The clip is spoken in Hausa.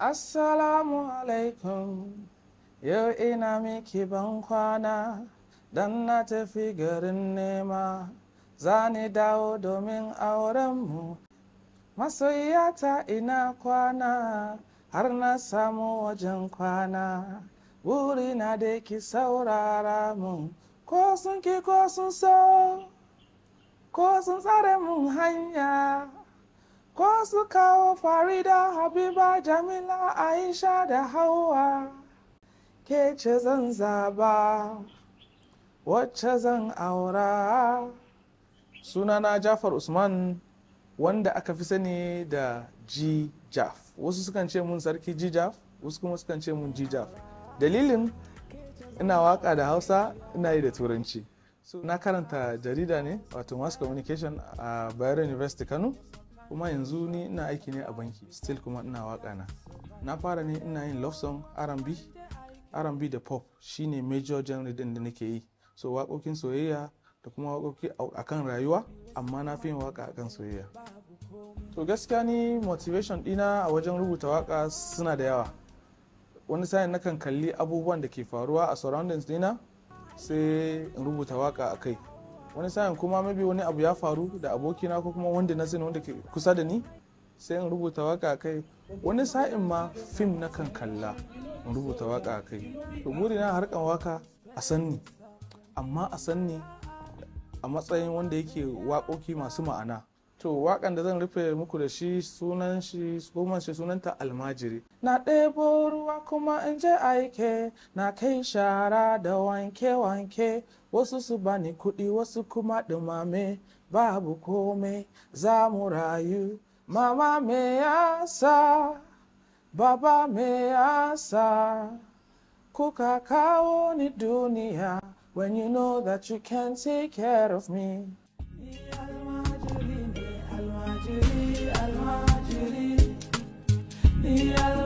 assalamu alaikum yau ina miki ban kwana dan na tafi garin nema za ni dawo domin auren mu. masoyiyata ina kwana har na samu wajen kwana Wuri na da ki saurara mun ko sun ki ko sun so ko sun tsare mun hanya Wasu kawo farida habiba jamila aisha da Hauwa. ke ce zan zaba wacce zan aura sunana jafar usman wanda aka fi sani da jijaf wasu sukan ce mun sarki jijaf wasu kuma sukan ce mun jijaf dalilin ina waka da hausa ina yi da turanci na karanta jarida ne wato mass communication a bayero university kano kuma yanzu ni ina aiki ne a banki still kuma ina waka na na fara ne ina yin love song R&B R&B da pop shine major genre din da nake yi so waƙoƙin soyayya da kuma waƙoƙi akan rayuwa amma na fi yin waka akan soyayya to gaskiya ni motivation dina a wajen rubuta waka suna da yawa wani sa'in nakan kalli abubuwan da ke faruwa a surroundings dina sai in rubuta waka a kai wani sa'in kuma mabi wani abu ya faru da abokina ko kuma wanda na sani wanda ke kusa da ni sai in rubuta waka kai wani sa'in ma fim na kan kalla in rubuta waka kai to na harkan waka a sanni amma a sanni a matsayin wanda yake waƙoƙi masu ma'ana to wakan da zan rufe muku da shi sunan shi goman shi sunanta almajiri na ɗebo ruwa kuma in je aike na kai shara da wanke wanke wasu su bani kuɗi wasu kuma ɗumame babu komai za mu rayu mama me yasa baba me yasa kuka kawo ni duniya when you know that you can take care of me Yeah.